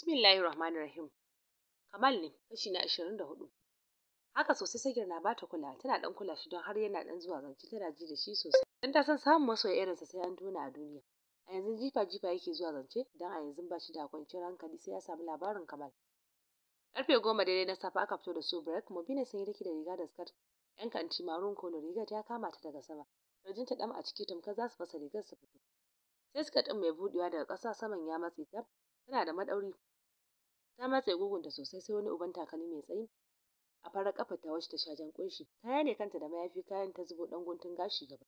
Bismillahir Rahmanir Rahim. Kamal ne, kashi na ashirin da hudu. Haka sosai sagir na bata kula, tana dan kula shi don har yana dan zuwa zance tana ji da shi sosai. Dan ta san samun masoya irinsa sai an tona a duniya. A yanzu jifa jifa yake zuwa zance dan a yanzu ba shi da kwanciyar hankali sai ya samu labarin Kamal. Karfe goma daidai na safe aka fito da su break kuma bina sun yi riki da riga da skirt. Yan kanti marun kolo riga ta kama ta daga sama. ta dam a ciki tamkar za su fasa rigar su fito. Sai skirt din mai budewa daga ƙasa saman ya matse tab tana da madauri Ta matse gugunta sosai sai wani uban takalmi mai tsayi a farar ƙafar ta wacce ta sha jan kunshi Kaya ne kanta da mayafi kayan ta zubo ɗan guntun gashi gaba.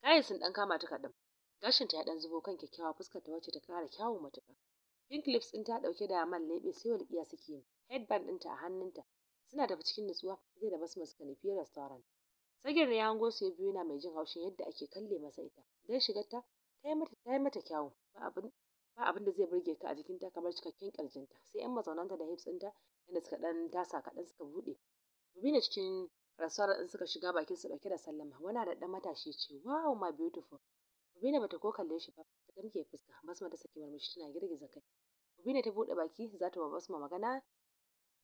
Kayan sun ɗan kama ta kaɗan. Gashin ta ya ɗan zubo kan kyakkyawa fuskar ta wacce ta ƙara kyawun matuƙa. Pink lips ɗin ta ɗauke da man leɓe sai walƙiya suke yi. ɗin ta a hannunta. Suna tafi cikin nutsuwa ita da Basma suka da restaurant. Sagir ya hango su biyu yana mai jin haushin yadda ake kalle masa ita. Dan shigar ta ta yi mata ta yi kyawu. Ba abin ba abin da zai burge ka a jikinta kamar cikakken ƙirjinta sai yan mazaunanta da hips ɗinta yadda suka ɗan tasa kaɗan suka buɗe dubi ne cikin rasuwar in suka shiga bakin su ɗauke da sallama wani da ɗan matashi ce wow my beautiful Rubina bata ko kalle shi ba ta damke fuska Basma ta saki murmushi tana girgiza kai Rubina ta buɗe baki za ta ba Basma magana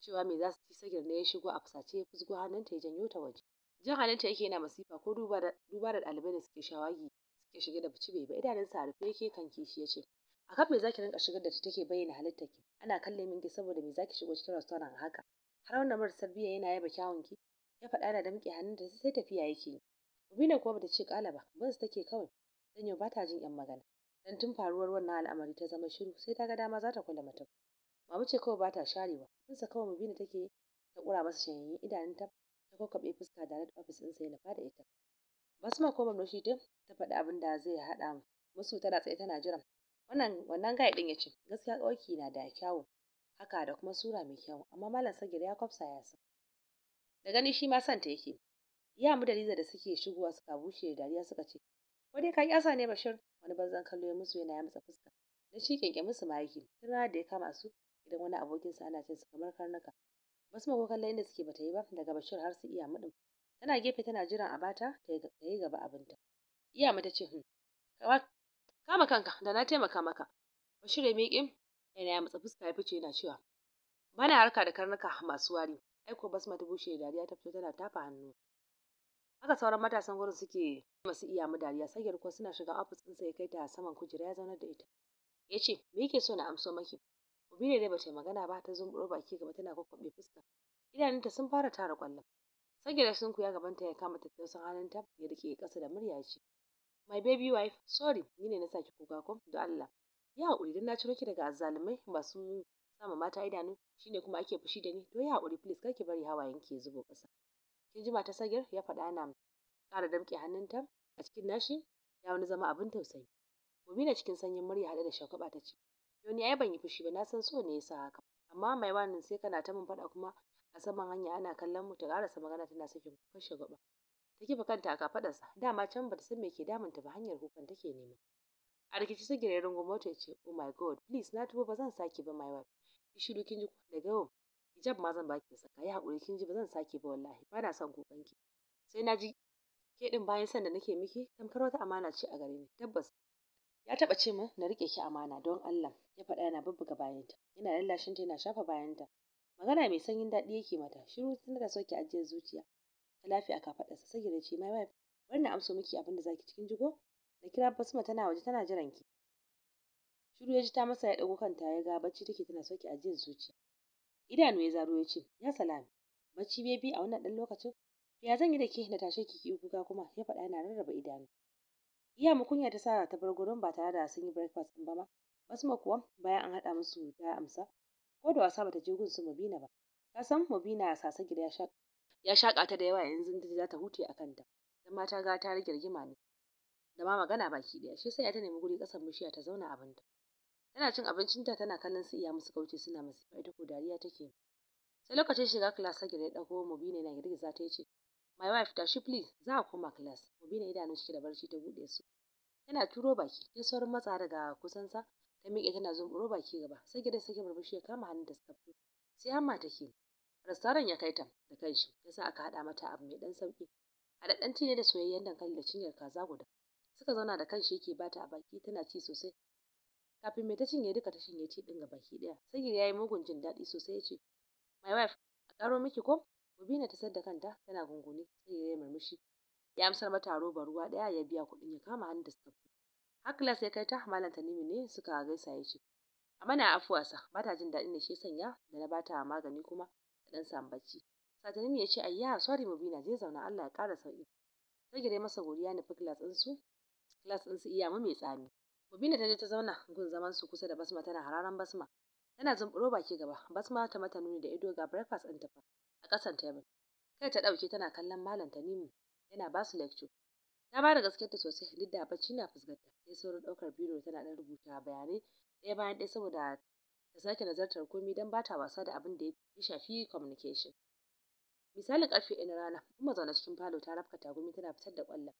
cewa me za su ci sagir ne ya shigo a fusace ya fusgo hannunta ya janyo ta waje jan hannunta yake yana masifa ko duba da ɗalibai da suke shawagi suke shige da bici bai ba idanunsa a rufe yake kan kishi ya ce akan me zaki rinka shigar da ta take bayyana halittar ki ana kalle min ki saboda me zaki shigo cikin restaurant haka har wannan marasar biya yana yaba kyawun ki ya faɗa da na hannun hannunta sai tafiya yake yi Rubina kuwa bata ce ƙala ba bas take kawai dan yau bata jin yan magana dan tun faruwar wannan al'amari ta zama shiru sai ta ga dama za ta kula mutum Mamu ce kawai bata sharewa sa kawai Mubina take ta ƙura masa shanyayyen idanun ta kokabe fuska da red office ɗinsa ya na da ita Basma ko Mamnoshi din ta faɗi abin da zai haɗa musu tana tsaye tana jiran wannan wannan guy din ce. gaskiya kawarki na da kyawu haka da kuma sura mai kyau. amma malam sagir ya kwafsa ya san da gani shi ma santa yake ya mu da Liza da suke shigowa suka bushe da dariya suka ce ko dai ka kyasa ne Bashir wani banzan kallo ya musu yana ya matsa fuska Na shi kyanke musu mahaifi tana da ya kama su idan wani abokin sa ana cin su kamar karnuka basu mako kallon inda suke bata yi ba daga Bashir har su iya mudin tana gefe tana jiran a bata ta yi gaba abinta iya ta ce hmm, kama kanka da na taimaka maka bashir ya miƙe yana ya matsa fuska ya fice yana cewa bana harka da karnuka masu wari aiko basma mata bushe dariya ta fito tana tafa hannu haka sauran matasan gurin suke masu iya mu dariya sai kuwa suna shiga ofis din ya kai ta saman kujera ya zaunar da ita ya ce me yake so na amso maki ne dai bata magana ba ta zumburo baki gaba tana kwakwabe fuska idanunta sun fara tara kwallon sage da kuya ya gabanta ya kama tattausan hannunta ya rike ƙasa da murya ce my baby wife sorry ni ne na saki kuka ko da Allah ya haƙuri dan na ciro ki daga azzalumai masu sama mata idanu shine kuma ake fushi da ni to ya haƙuri please kar ki bari hawayen ki zubo ƙasa kin jima ta sagir ya faɗa yana ƙara damƙe hannunta a cikin nashi ya wani zama abin tausayi Mubina cikin sanyin murya haɗe da shagwaba ta ce Yoni ai ban yi fushi ba na san so ne yasa haka amma mai wanin sai kana ta min faɗa kuma a saman hanya ana kallon mu ta karasa magana tana sakin kukan gaba. ta kifa kanta a sa dama can bata san me ke damunta ba hanyar kukan take nema a rikici ta gire rungun mota ce oh my god please na tuba ba zan sake ba my wife ki shiru kin ji daga yau hijab ma zan baki saka ya hakuri kin ji ba zan sake ba wallahi ba na son kukan ki sai na ji ke din bayan san da nake miki tamkar wata amana ce a gare ni tabbas ya taba ce min na rike ki amana don Allah ya faɗa yana bubbuga bayanta yana lallashin ta yana shafa bayanta magana mai sanyin daɗi yake mata shiru tana da sauke ajiyar zuciya ta lafiya a kafaɗarsa saboda ce my wife bari na amso miki abin da zaki cikin jigo na kira basma tana waje tana jiran ki shiru ya ji ta masa ya ɗauko kanta ya ga bacci take tana a jin zuciya idanu ya zaro ya ce ya salami bacci bebi a wannan ɗan lokacin ya zan yi da ke na tashe ki ki kuka kuma ya faɗa yana rarraba idanu iya mu kunya ta sa ta bar gurin ba tare da sun yi breakfast ɗin ba ma basma kuwa bayan an haɗa musu ta amsa ko da wasa bata je gun su mubina ba ka san mubina sasa gida ya sha ya shaƙa ta da yawa yanzu da za ta huce a kanta dan mata ga ta rage rigima ne da ma magana baki ɗaya shi sai ya ta nemi guri ƙasan bishiya ta zauna abinta tana cin abincinta tana kallon su iya musu kauce suna masifa ita ko dariya take sai lokacin shiga class sagir ya ɗago mubina yana girgiza ta yace my wife tashi please za a koma class mubina idanun shi da barci ta buɗe su tana turo baki sai saurin matsa daga kusansa ta miƙe tana zumburo baki gaba sagir sai ke murmushi ya kama hannun ta suka fito sai amma take Restaurant ya kai ta da kanshi, ya sa aka haɗa mata abu mai ɗan sauƙi. Haɗaɗɗen ci ne da soyayyen dankali da cinyar kaza guda. Suka zauna da kanshi yake bata a baki tana ci sosai. Kafin mai ta cinye duka ta cinye ci ɗin baki ɗaya. sai ya yi mugun jin daɗi sosai ya ce, My wife, a ƙaro miki ko? Mubina ta da kanta tana gungune, sai ya yi murmushi. Ya amsar mata roba ruwa ɗaya ya biya kuɗin ya kama hannun da suka fito. Hakila sai kai ta malam Tanimu ne suka gaisa ya ce, a afuwa sa, ba ta jin daɗin da shi sanya da na bata magani kuma dan samu bacci satanimi ya ce ayya sorry mubina zai zauna Allah ya kara sauki sai dai masa godiya nufi class din su class din su iya mu mai tsami mubina ta je ta zauna gun zaman su kusa da basma tana hararan basma tana zumburo baki gaba basma ta mata nuni da ido ga breakfast din ta fa a kasan table kai ta dauke tana kallon malam tanimu yana ba su lecture ta ba da ta sosai Lidda, bacci na fuskanta, sai saurin daukar biro tana dan rubuta bayanai ɗaya bayan ɗaya saboda ta sake nazartar komai don bata wasa da abin da ya shafi communication misalin karfe ɗaya na rana in mazauna cikin falo ta rafka tagumi tana fitar da ƙwallon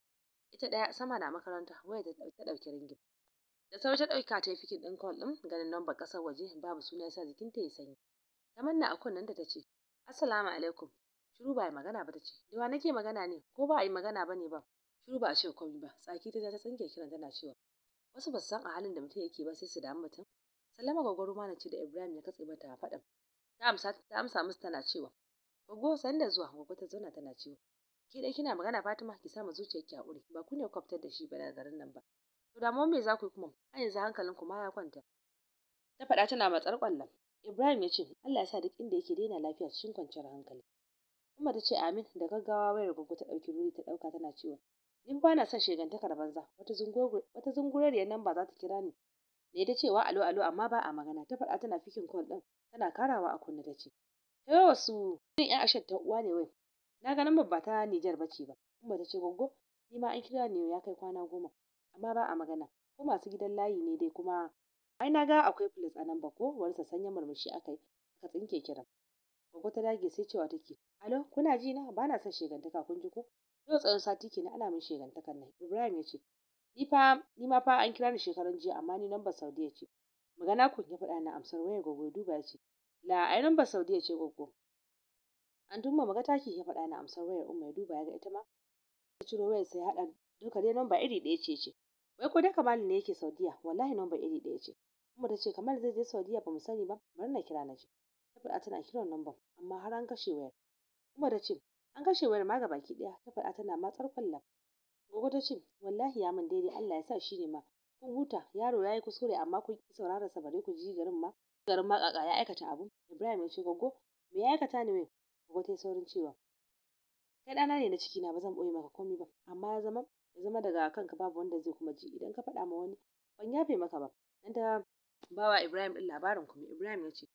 ita ɗaya sama na makaranta waya ta ɗauki ringin da sauri ta ɗauka ta yi fikin ɗin call ɗin ganin lambar ƙasar waje babu suna yasa ta ya sanyi ta manna a kunnen da ta ce assalamu alaikum shiru ba yi magana ba ta ce da wa nake magana ne ko ba a yi magana ba ne ba shiru ba a ce komai ba tsaki ta ta tsinke kiran tana cewa wasu ba su san a halin da mutum yake ba sai su damu mutum sallama gwagwaro mana ce da Ibrahim ya katse mata faɗan. Ta amsa ta amsa musu tana cewa Gwaggo sanda zuwa gwaggo ta zauna tana cewa ke dai kina magana Fatima ki sa ma ki hakuri ba ku ne kwaftar da shi ba daga garin nan ba. To da me za ku yi kuma a yanzu hankalin ku ma ya kwanta. Ta faɗa tana matsar kwallon. Ibrahim ya ce Allah ya sa duk inda yake daina lafiya cikin kwanciyar hankali. Umma ta ce amin da gaggawa wayar gwaggo ta ɗauki ruri ta ɗauka tana cewa In ba na son shegantakar banza wata zungurariyar nan ba za ta kira ni da ita cewa alo alo amma ba a magana ta faɗa tana fikin kol ɗin tana karawa a kunne ta ce kai wasu irin yan ashar ta uwa ne wai na ga nan ta Nijar ce ba kuma ta ce goggo ni ma an kira ne ya kai kwana goma amma ba a magana ko masu gidan layi ne dai kuma ai na ga akwai filis a nan ba ko wani sanya murmushi aka yi aka tsinke kiran goggo ta dage sai cewa take alo kuna ji na ba na son shegantaka kun ji ko yau tsawon sati kenan ana min shegantakan nan Ibrahim ya ce Ni fa, ni ma fa an kira ni shekarun jiya amma ni namba Saudiya ce. Magana kun ya faɗa na amsar wani gogo duba ya ce, La, ai lambar Saudiya ce goggo. Antumma maga taki ya faɗa na amsar wayar Umma ya duba ya ga ita ma. Ya ciro wayar sai haɗa duka dai iri ɗaya ce ce. Wai ko dai Kamal ne yake Saudiya, wallahi namba iri ɗaya ce. kuma ta ce Kamal zai je Saudiya ba mu sani ba, bari na kira na ji. Ta faɗa tana kiran lambar amma har an kashe wayar. kuma ta ce an kashe wayar ma gabaki ɗaya ta faɗa tana matsar kwallon Gogo ta ce, wallahi ya min daidai Allah ya sa shi ne ma. Kun huta, yaro ya yi kuskure amma kun ƙi sauraron sa bare ku ji garin ma. Garin ma ƙaƙa ya aikata abu. Ibrahim ya ce, Gogo, me ya aikata ne mai? Gogo ta yi saurin cewa, kai ɗana ne na ciki na ba zan ɓoye maka komai ba amma ya zama ya zama daga kanka babu wanda zai kuma ji idan ka faɗa ma wani ban yafe maka ba dan ta bawa Ibrahim din labarin kuma Ibrahim ya ce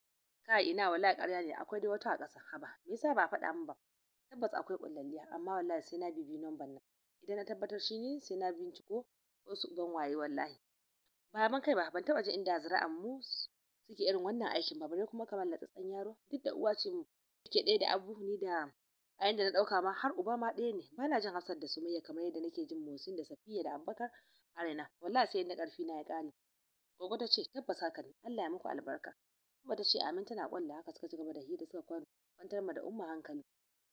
kai ina wallahi ƙarya ne akwai dai wata a ƙasa haba me yasa ba faɗa min ba tabbas akwai ƙullalliya amma wallahi sai na bibi ban nan idan na tabbatar shi ne sai na binciko wasu uban waye wallahi ba ban kai ba ban taba jin inda zira'an mu suke irin wannan aikin ba bare kuma kamar latsatsan yaro duk da uwa ce mu take ɗaya da abu ni da a yanda na ɗauka ma har uba ma ɗaya ne bana jin hafsat da sumayya kamar yadda nake jin motsin da safiya da abubakar a raina wallahi sai na ƙarfi na ya ƙare gogo ta ce tabbas haka ne Allah ya muku albarka kuma ta ce amin tana kwalla haka suka ci gaba da hira suka kwantar ma da umma hankali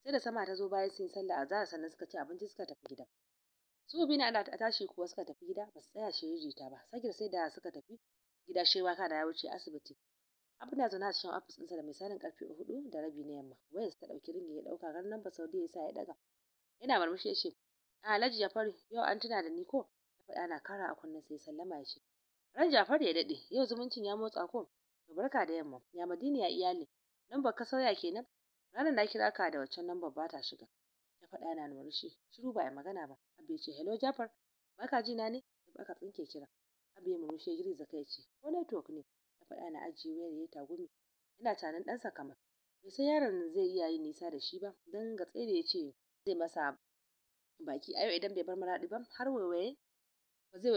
sai da sama ta zo bayan sun yi a azhar sannan suka ci abinci suka tafi gida su bi na ta tashi kuwa suka tafi gida ba su tsaya shiririta ba sakir sai da suka tafi gida shewa da ya wuce asibiti abu na zaune a cikin ofis ɗinsa da misalin karfe hudu da rabi na yamma wayarsa ta ɗauki ringi ya ɗauka nan ba saudiya ya sa ya ɗaga yana murmushi ya ce alhaji jafari yau an tuna da ni ko ya faɗa na kara a kunnen sai sallama ya ce ran jafari ya daɗe yau zumuncin ya motsa ko to barka da yamma ya madina ya iyali lambar ka sauya kenan Ranar na kira ka da waccan lambar ba ta shiga. Ya faɗa yana murmushi. Shiru ba ai magana ba. Abba ya ce, Hello Jafar, ba ka ji na ne? Da aka tsinke kira. Abba ya murmushi ya girgiza kai ya ce, Ko network ne? Ya faɗa yana ajiye wayar ya tagumi. Yana tunanin ɗansa kamar. Bai san yaron zai iya yin nisa da shi ba, don gatse da ya ce zai masa baki ayo idan bai bar maraɗi ba har waiwaye ba zai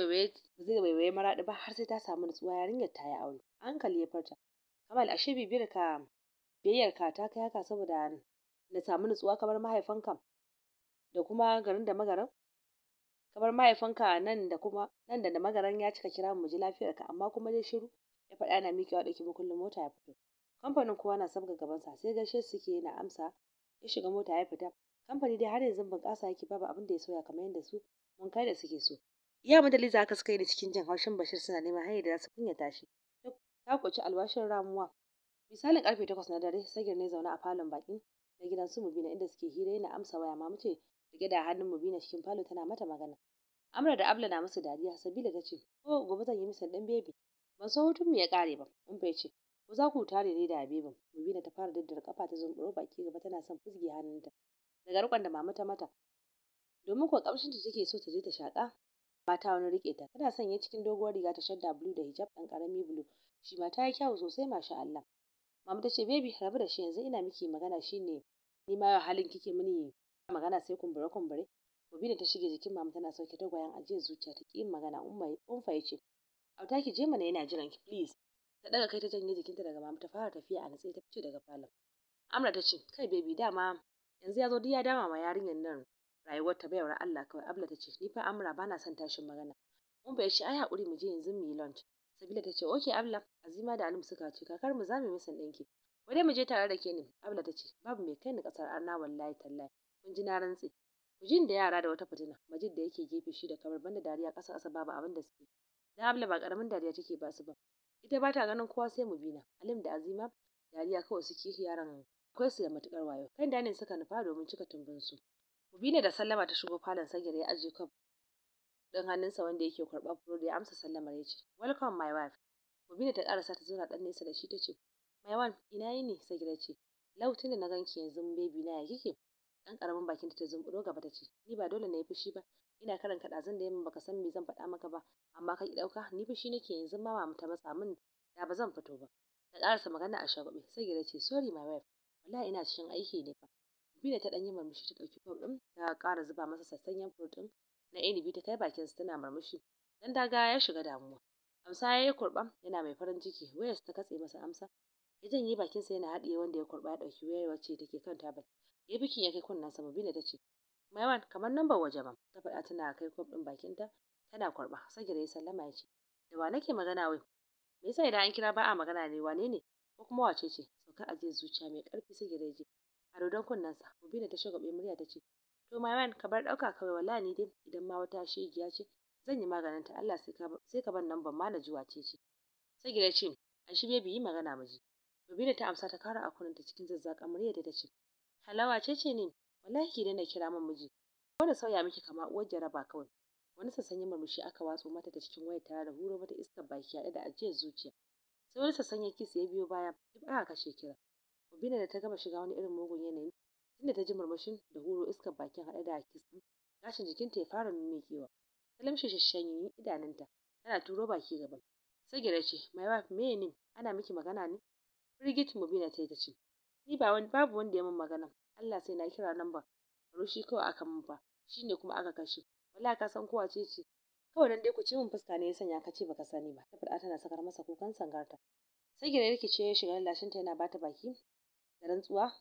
waiwaye maraɗi ba har sai ta samu nutsuwa yarinyar ta yi aure. hankali ya farta. Kamal ashe bibiyar ka biyayyarka ta kai haka saboda na samu nutsuwa kamar mahaifanka da kuma garin da magaran kamar mahaifanka nan da kuma nan da magaran ya cika kira mu ji lafiyarka amma kuma dai shiru ya faɗa yana miƙewa ɗauki makullin mota ya fito kamfanin kowa na sabga sa sai gaishe suke yana amsa ya shiga mota ya fita kamfani dai har yanzu bunƙasa yake babu abin da ya soya kamar yadda su mun kai da suke so iya mu da za ka suka yi da cikin jin haushin Bashir suna neman hanyar da za su kunyata shi ta kwaci alwashin ramuwa misalin karfe takwas na dare sagir ne zaune a falon bakin na gidan su mubina inda suke hira yana amsa waya mamu ce rike da hannun mubina cikin falo tana mata magana amra da abla na musu dariya sabila ta ce ko gobe zan yi masa dan bebi ban so hutun mu ya kare ba ya ce ko za ku tare ne da mubi mubina ta fara daddare kafa ta zumburo baki gaba tana son fusge hannunta daga rikon da mama ta mata domin ko kamshin ta take so ta je ta shaka mata wani rike ta tana sanya cikin doguwar riga ta shadda blue da hijab dan karami blue shi ma ta yi kyau sosai masha Allah mama ta ce baby rabu da shi yanzu ina miki magana shine ni ma halin kike mini magana sai kumbure kumbure da ta shige jikin mama tana sauke ta goyan ajiyar zuciya ta ki magana umma ya ce auta ki je mana yana jiran ki please ta ɗaga kai ta janye jikinta daga mama ta fara tafiya a natsaye ta fice daga falon amra ta ce kai baby dama yanzu ya zo duk ya dama ma yarinyar nan rayuwar ta bayar Allah kawai abla ta ce ni fa amra bana son tashin magana umma ya ce ai hakuri mu je yanzu mu yi lunch Sabila ta ce, "Oke Abla, Azima da Alim suka ce, kakar mu za mu yi ɗinki." Wai mu je tare da ke ne, Abla ta ce, "Babu mai kai ni ƙasar Arna wallahi tallahi, kun ji na rantse." Kujin da yara da wata fitina, Majid da yake gefe shi da kamar banda dariya ƙasa ƙasa babu abin da suke. Da Abla ba ƙaramin dariya take ba su ba. Ita ba ta ganin kowa sai mu bina, Alim da Azima dariya kawai suke yaran akwai su da matukar wayo. Kan ne suka nufa domin cika tumbin su. ne da Sallama ta shigo falon sagir ya ajiye kwaf ɗin hannunsa wanda yake furo da ya amsa sallamar ya ce welcome my wife Gobina ta ƙarasa ta zauna ɗan nesa da shi ta ce my wife ina yini Sagida ce lautin da na ganki yanzu baby na ya kike ɗan ƙaramin bakin ta zumburo gaba ta ce ni ba dole na yi fushi ba ina karan kaɗa zan da yamma baka san me zan faɗa maka ba amma ka ki ɗauka ni fushi nake yanzu ma mamu ta matsa min da ba zan fito ba ta ƙarasa magana a sai Sagida ce sorry my wife wallahi ina cikin aiki ne fa Bina ta ɗan yi murmushi ta ɗauki kwaf ɗin ta ƙara zuba masa sassanyen furut ɗin na inibi ta kai bakinsa tana murmushi dan daga ya shiga damuwa amsa ya yi kurɓa yana mai farin ciki wayar ta katse masa amsa ya janye bakin sa yana haɗiye wanda ya kurba ya ɗauki wayar wacce take kan tabal ya bikin ya kai sa mubina ta ce maiwan kamar number waje ba ta faɗa tana kai din ɗin bakinta tana kurɓa sagira ya sallama ya ce da wa nake magana wai me yasa idan an kira ba a magana ne wane ne ko kuma wace ce sauka a zuciya mai karfi sagira ya je a dodon sa mubina ta shagabe murya ta To my man ka bar ɗauka kawai wallahi ni dai idan ma wata shegiya ce zan yi maganin ta Allah sai ka sai ka bar nan ban ma na ji wace ce. gida ce an shi baby yi magana miji. ji. ta amsa ta kara akunan ta cikin zazzakan murya da ta ce Halawa wace ce ne wallahi ki na kira min miji. Ko sauya miki kama uwar jaraba kawai. Wani sassanyen murmushi aka watso mata ta cikin wayar tare da huro mata iskar baki haɗe da ajiyar zuciya. Sai wani ya kisa ya biyo baya duk aka kashe kira. Babila da ta gama shiga wani irin mugun yanayi tunda ta ji murmushin da huro iskar bakin haɗe da kiss gashin jikinta ya fara mimmiƙewa ta lamshe shashanyin idanunta tana turo baki gaban sai ce my wife me ne ana miki magana ne mu Mubina ta yi ta ce ni ba wani babu wanda ya min magana Allah sai na kira nan ba rushi kawai aka min shi shine kuma aka kashe wala ka san kowa ce ce kawai nan dai ku ce min fuska ne ya sanya ka ce baka sani ba ta faɗa tana sakar masa kukan sangarta sai gira rikice ya shiga lashinta yana bata baki da rantsuwa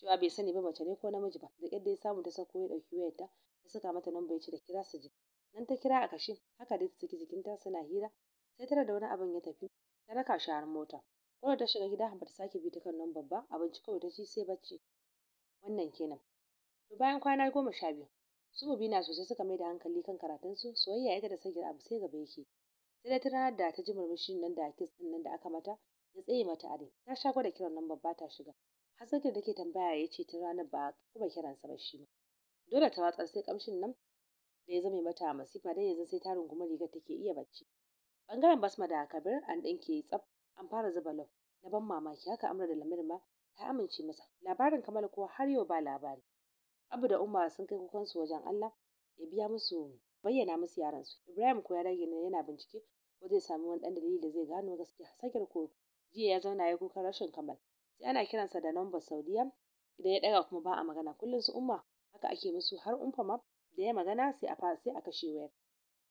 cewa bai sani ba mace ne ko namiji ba da yadda ya samu ta sako ya ɗauki wayarta ya saka mata nan ya ce da kira su je. nan ta kira a kashi, haka dai ta saki jikinta suna hira sai tara da wani abin ya tafi ta raka shi har mota kawai ta shiga gida ba ta sake bi ta kan nan babba abinci kawai ta ci sai bacci wannan kenan to bayan kwana goma sha biyu su mu bina sosai suka mai da hankali kan karatun karatunsu soyayya ita da sagir abu sai gaba yake sai da ta ranar da ta ji murmushin nan da kis nan da aka mata ya tsaye mata are ta sha gwada kiran nan babba ta shiga Hasakar da ke tambaya ya ce ta ranar ba kuma kiransa ba shi ma. Dole ta watsar sai kamshin nan da ya zame mata masifa dai yanzu sai ta runguma rigar take iya bacci. Bangaren Basma da Kabir an ɗinke tsaf an fara zuba lof na ban mamaki haka Amra da Lamir ma ta amince masa. Labarin Kamal ko har yau ba labari. Abu da Umar sun kai kukansu wajen Allah ya biya musu bayyana musu yaran su. Ibrahim ko ya rage ne yana bincike ko zai sami wani ɗan dalili da zai gano gaskiya. Sakir ko jiya ya zauna ya kuka rashin Kamal. sai ana kiransa da lambar saudiya idan ya daga kuma ba a magana kullum su umma haka ake musu har umfa ma da ya magana sai a fara sai a kashe wayar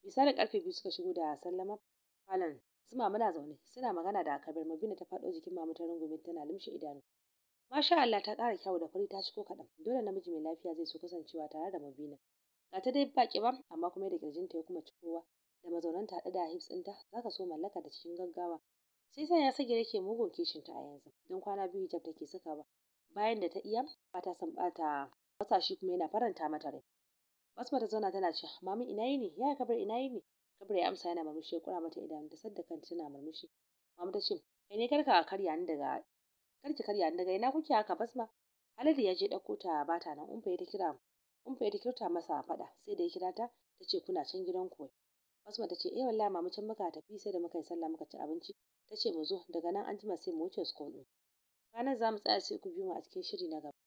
misali karfe biyu suka shigo da sallama falon su mama na zaune suna magana da aka kabir mabina ta faɗo jikin mama ta rungume tana lumshe idanu masha Allah ta ƙara kyawu da fari ta ciko kaɗan dole namiji mai lafiya zai so kasancewa tare da mabina ga ta dai baƙi ba amma kuma da kirjinta ya kuma cikowa da mazaunanta haɗe da hips ɗinta za ka so mallaka da cikin gaggawa sai sa ya sake yake mugun ta a yanzu don kwana biyu hijab take saka ba bayan da ta iya ba ta san bata wasa shi kuma yana faranta mata rai basma ta zauna tana cewa mami ina yini ya kabar ina yini kabar ya amsa yana murmushi ya kura mata idanu ta sadda kanta tana murmushi mami ta ce kai ne karka karya ni daga karki karya ni daga ina kuke haka basma Haladu ya je ɗauko ta bata nan umfa ta kira umfa ta kirta masa faɗa sai da ya kira ta ta ce kuna can gidan ku Basma ta ce eh wallahi mamu can muka tafi sai da muka yi sallah muka ci abinci ta ce mu zo daga nan anjima sai mu wuce school ɗin. Ranar za mu tsaya sai ku biyo mu a cikin shiri na gaba.